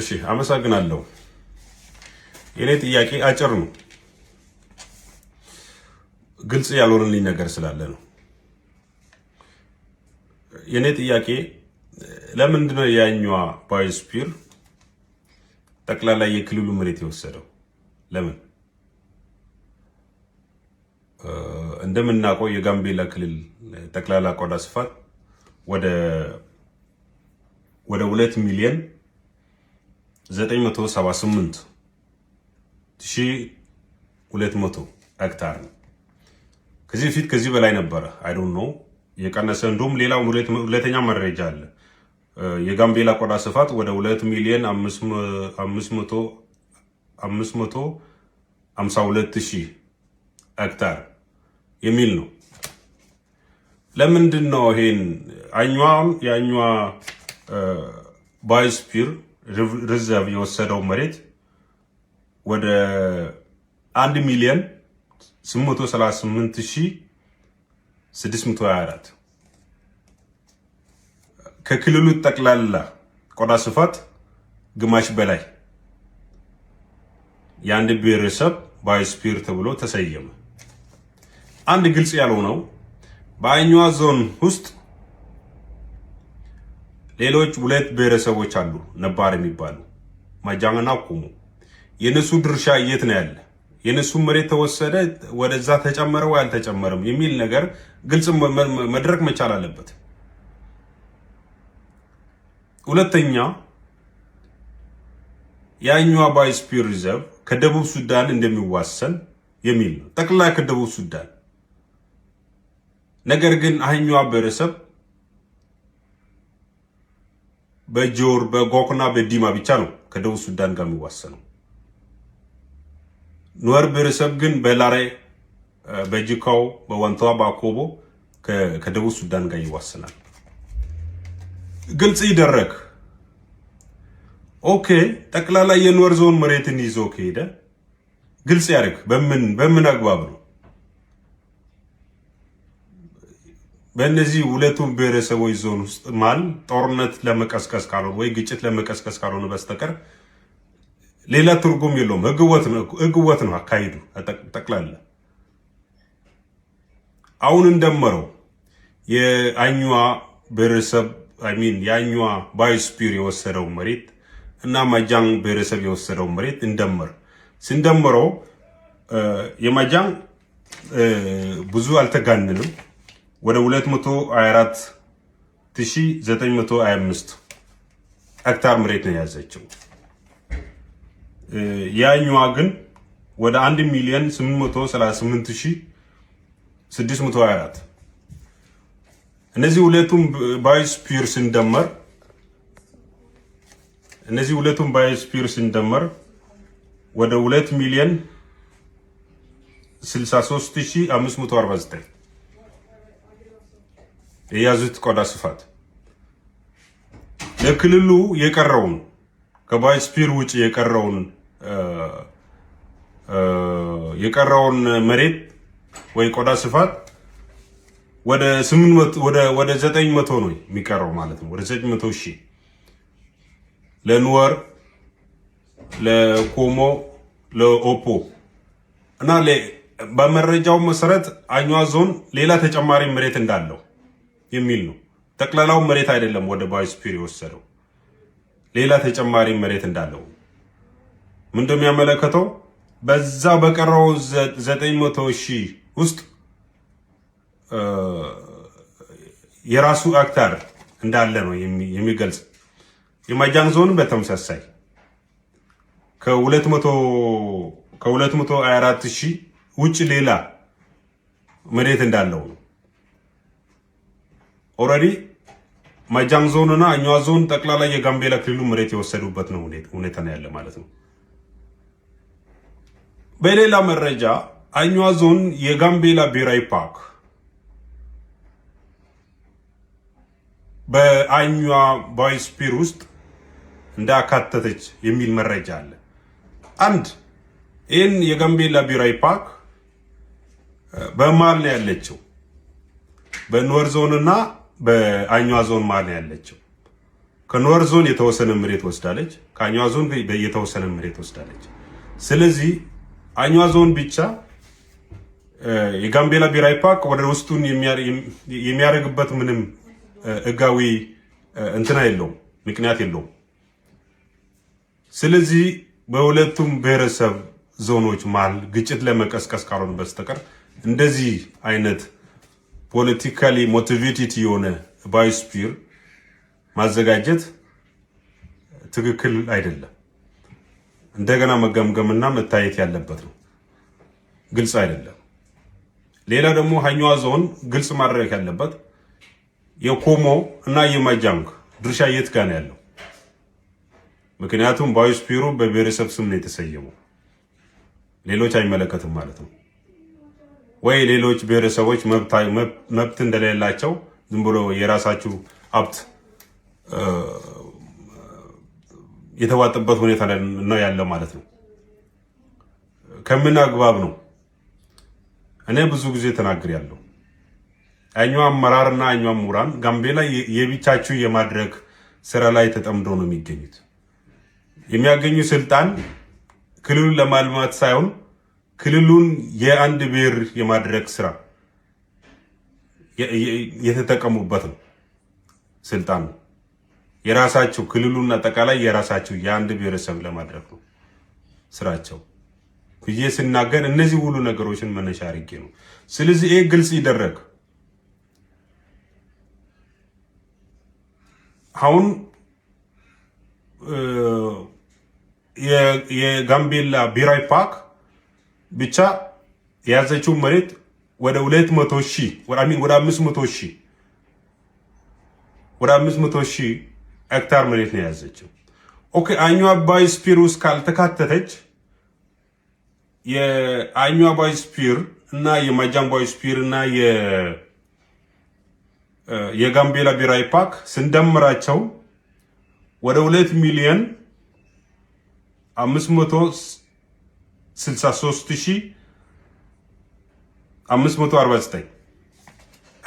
እሺ አመሰግናለሁ። የኔ ጥያቄ አጭር ነው፣ ግልጽ ያልሆነልኝ ነገር ስላለ ነው። የኔ ጥያቄ ለምንድነው ያኛዋ ባዮስፒር ጠቅላላ የክልሉ መሬት የወሰደው? ለምን እንደምናውቀው የጋምቤላ ክልል ጠቅላላ ቆዳ ስፋት ወደ ወደ ሁለት ሚሊዮን 978 200 ሄክታር ነው። ከዚህ በፊት ከዚህ በላይ ነበረ። አይ ዶንት ኖ የቀነሰ እንዲሁም ሌላ ሁለተኛ መረጃ አለ። የጋምቤላ ቆዳ ስፋት ወደ 2 ሚሊዮን 552 ሺህ ሄክታር የሚል ነው። ለምንድን ነው ይሄን አኝዋ የአኝዋ ባዮስፒር ሪዘርቭ የወሰደው መሬት ወደ 1 ሚሊዮን 838624 ከክልሉ ጠቅላላ ቆዳ ስፋት ግማሽ በላይ የአንድ ብሔረሰብ ባዮስፌር ተብሎ ተሰየመ። አንድ ግልጽ ነው። በአኝዋ ዞን ውስጥ ሌሎች ሁለት ብሔረሰቦች አሉ ነባር የሚባሉ ማጃንና ቁሙ። የነሱ ድርሻ የት ነው ያለ? የነሱ መሬት ተወሰደ፣ ወደዛ ተጨመረ ወይ አልተጨመረም የሚል ነገር ግልጽ መድረክ መቻል አለበት። ሁለተኛ የአኙዋ ባይ ስፒር ሪዘርቭ ከደቡብ ሱዳን እንደሚዋሰን የሚል ነው ጠቅላይ ከደቡብ ሱዳን ነገር ግን አኙዋ ብሔረሰብ በጆር በጓኩና በዲማ ብቻ ነው ከደቡብ ሱዳን ጋር የሚዋሰነው። ኑዌር ብሔረሰብ ግን በላሬ በጅካው በዋንታዋ በአኮቦ ከደቡብ ሱዳን ጋር ይዋሰናል። ግልጽ ይደረግ። ኦኬ ጠቅላላ የኑዌር ዞን መሬትን ይዞ ከሄደ ግልጽ ያደርግ። በምን በምን አግባብ ነው በእነዚህ ሁለቱም ብሔረሰቦች ዞን ውስጥ ማል ጦርነት ለመቀስቀስ ካልሆነ ወይ ግጭት ለመቀስቀስ ካልሆነ በስተቀር ሌላ ትርጉም የለውም። ህግወት ነው አካሄዱ ጠቅላላ። አሁን እንደመረው የአኙዋ ብሔረሰብ ሚን የአኙዋ ባዮስፒር የወሰደው መሬት እና ማጃን ብሔረሰብ የወሰደው መሬት እንደመር ስንደምረው የማጃን ብዙ አልተጋንንም። ወደ 224925 ሄክታር መሬት ነው የያዘችው። ያኛዋ ግን ወደ 1 ሚሊዮን 838624 እነዚህ ሁለቱም ባዮስፒር ስንደመር እነዚህ ሁለቱም ባዮስፒር ስንደመር ወደ 2 ሚሊዮን 63549 የያዙት ቆዳ ስፋት ለክልሉ የቀረውን ከባይስፒር ውጭ የቀረውን የቀረውን መሬት ወይ ቆዳ ስፋት ወደ 800 ወደ ወደ 900 ነው የሚቀረው ማለት ነው። ወደ 900 ሺህ ለኑወር፣ ለኮሞ፣ ለኦፖ እና በመረጃው መሰረት አኛዋ ዞን ሌላ ተጨማሪ መሬት እንዳለው የሚል ነው። ጠቅላላው መሬት አይደለም ወደ ባዮስፌር የወሰደው ሌላ ተጨማሪ መሬት እንዳለው ምን እንደሚያመለከተው በዛ በቀረው 900 ሺህ ውስጥ የራሱ አክታር እንዳለ ነው የሚገልጽ። የማጃን ዞን በተመሳሳይ ከ224 ሺህ ውጭ ሌላ መሬት እንዳለው ነው። ኦልሬዲ ማይጃም ዞን እና እኛ ዞን ጠቅላላ የጋምቤላ ክልሉ መሬት የወሰዱበት ነው ሁኔታ ነው ያለ ማለት ነው። በሌላ መረጃ አኛ ዞን የጋምቤላ ብሔራዊ ፓርክ በአኛ ባዮስፌር ውስጥ እንዳካተተች የሚል መረጃ አለ። አንድ ይህን የጋምቤላ ብሔራዊ ፓርክ በማል ነው ያለችው በኖር ዞንና በአኛ ዞን መሀል ነው ያለችው። ከኖር ዞን የተወሰነ መሬት ወስዳለች፣ ከአኛ ዞን የተወሰነ መሬት ወስዳለች። ስለዚህ አኛ ዞን ብቻ የጋምቤላ ብሔራዊ ፓርክ ወደ ውስጡን የሚያደርግበት ምንም ህጋዊ እንትና የለውም፣ ምክንያት የለውም። ስለዚህ በሁለቱም ብሔረሰብ ዞኖች መሀል ግጭት ለመቀስቀስ ካልሆነ በስተቀር እንደዚህ አይነት ፖለቲካሊ ሞቲቬትድ የሆነ ባዩስፒር ማዘጋጀት ትክክል አይደለም። እንደገና መገምገምና መታየት ያለበት ነው። ግልጽ አይደለም። ሌላ ደግሞ ሀኛዋ ዞን ግልጽ ማድረግ ያለበት የኮሞ እና የማጃንግ ድርሻ የት ጋር ነው ያለው? ምክንያቱም ባዮስፒሩ በብሔረሰብ ስም ነው የተሰየመው። ሌሎች አይመለከትም ማለት ነው። ወይ ሌሎች ብሔረሰቦች መብት እንደሌላቸው ዝም ብሎ የራሳችሁ ሀብት የተዋጠበት ሁኔታ ነው ያለው ማለት ነው። ከምን አግባብ ነው? እኔ ብዙ ጊዜ ተናግር ያለው እኛ አመራርና እኛ ምሁራን ጋምቤላ የብቻችሁ የማድረግ ስራ ላይ ተጠምዶ ነው የሚገኙት። የሚያገኙ ስልጣን ክልሉን ለማልማት ሳይሆን ክልሉን የአንድ ብሔር የማድረግ ስራ የተጠቀሙበት ነው። ስልጣን ነው የራሳቸው ክልሉን አጠቃላይ የራሳቸው የአንድ ብሔረሰብ ለማድረግ ነው ስራቸው ብዬ ስናገር እነዚህ ሁሉ ነገሮችን መነሻ አድርጌ ነው። ስለዚህ ይህ ግልጽ ይደረግ። አሁን የጋምቤላ ብሔራዊ ፓርክ ብቻ የያዘችውን መሬት ወደ 200 ሺህ ወደ 500 ሺህ ወደ 500 ሺ ሄክታር መሬት ነው የያዘችው። ኦኬ አኙ አባይ ስፒር ውስጥ ካልተካተተች የአኙ አባይ ስፒር እና የማጃንባይ ስፒር እና የ የጋምቤላ ብሔራዊ ፓርክ ስንደምራቸው ወደ 2 ሚሊዮን 500 63549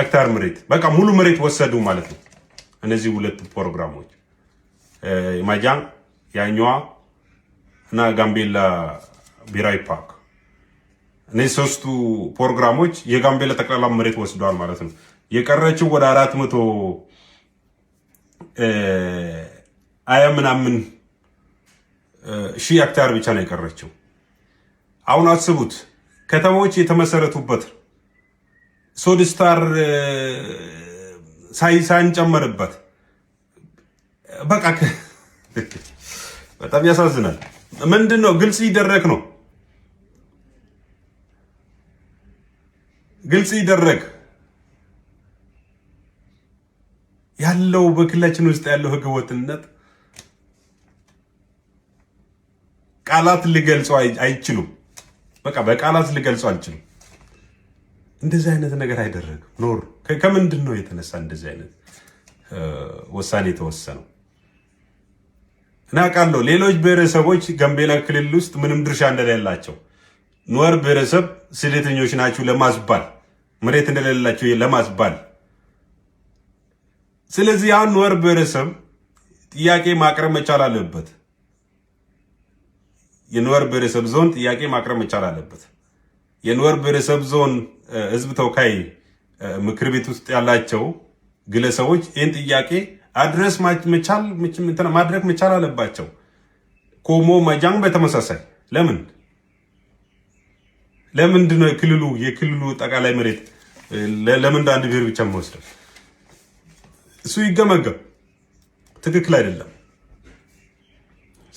ሄክታር መሬት በቃ ሙሉ መሬት ወሰዱ ማለት ነው። እነዚህ ሁለት ፕሮግራሞች ማጃ ያኛዋ እና ጋምቤላ ብሔራዊ ፓርክ እነዚህ ሶስቱ ፕሮግራሞች የጋምቤላ ጠቅላላ መሬት ወስደዋል ማለት ነው። የቀረችው ወደ አራት መቶ አያ ምናምን ሺህ ሄክታር ብቻ ነው የቀረችው። አሁን አስቡት ከተሞች የተመሰረቱበት ሶድ ስታር ሳይጨመርበት በቃ በጣም ያሳዝናል። ምንድን ነው ግልጽ ይደረግ ነው ግልጽ ይደረግ ያለው በክልላችን ውስጥ ያለው ህገወጥነት ቃላት ሊገልጸው አይችሉም። በቃ በቃላት ልገልጸው አልችልም። እንደዚህ አይነት ነገር አይደረግም ኖር ከምንድን ነው የተነሳ እንደዚህ አይነት ውሳኔ የተወሰነው? እና ቃለሁ ሌሎች ብሔረሰቦች ጋምቤላ ክልል ውስጥ ምንም ድርሻ እንደሌላቸው ኖር ብሔረሰብ ስደተኞች ናችሁ ለማስባል መሬት እንደሌላቸው ለማስባል ስለዚህ አሁን ኖር ብሔረሰብ ጥያቄ ማቅረብ መቻል አለበት። የንወር ብሔረሰብ ዞን ጥያቄ ማቅረብ መቻል አለበት። የንወር ብሔረሰብ ዞን ህዝብ ተወካይ ምክር ቤት ውስጥ ያላቸው ግለሰቦች ይህን ጥያቄ አድረስ ማድረግ መቻል አለባቸው። ኮሞ መጃን በተመሳሳይ ለምን ለምንድን ነው የክልሉ የክልሉ ጠቃላይ መሬት ለምን አንድ ብሔር ብቻ የሚወስደው? እሱ ይገመገም። ትክክል አይደለም።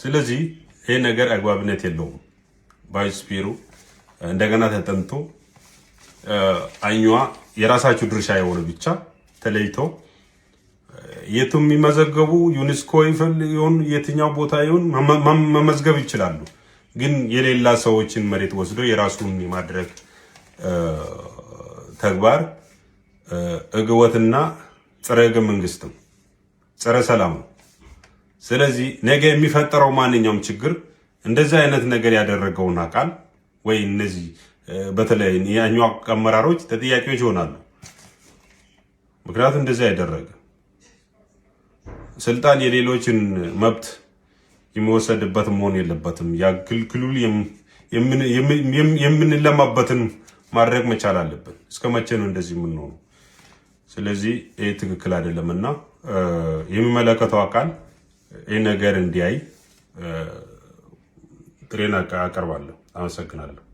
ስለዚህ ይህ ነገር አግባብነት የለውም። ባዮስፔሩ እንደገና ተጠንቶ አኝዋ የራሳቸው ድርሻ የሆነ ብቻ ተለይቶ የቱም የሚመዘገቡ ዩኔስኮ ይሁን የትኛው ቦታ ይሁን መመዝገብ ይችላሉ። ግን የሌላ ሰዎችን መሬት ወስዶ የራሱን የማድረግ ተግባር እግወትና ጸረ ህገ መንግስት ነው፣ ጸረ ሰላም ነው። ስለዚህ ነገ የሚፈጠረው ማንኛውም ችግር እንደዚህ አይነት ነገር ያደረገውን አካል ወይ እነዚህ በተለይ ያኛው አመራሮች ተጠያቂዎች ይሆናሉ። ምክንያቱም እንደዚህ ያደረገ ስልጣን የሌሎችን መብት የሚወሰድበት መሆን የለበትም። ያክልክሉል የምንለማበትን ማድረግ መቻል አለብን። እስከ መቼ ነው እንደዚህ የምንሆኑ? ስለዚህ ይህ ትክክል አይደለም እና የሚመለከተው አካል ይህ ነገር እንዲያይ ጥሬን አቀርባለሁ። አመሰግናለሁ።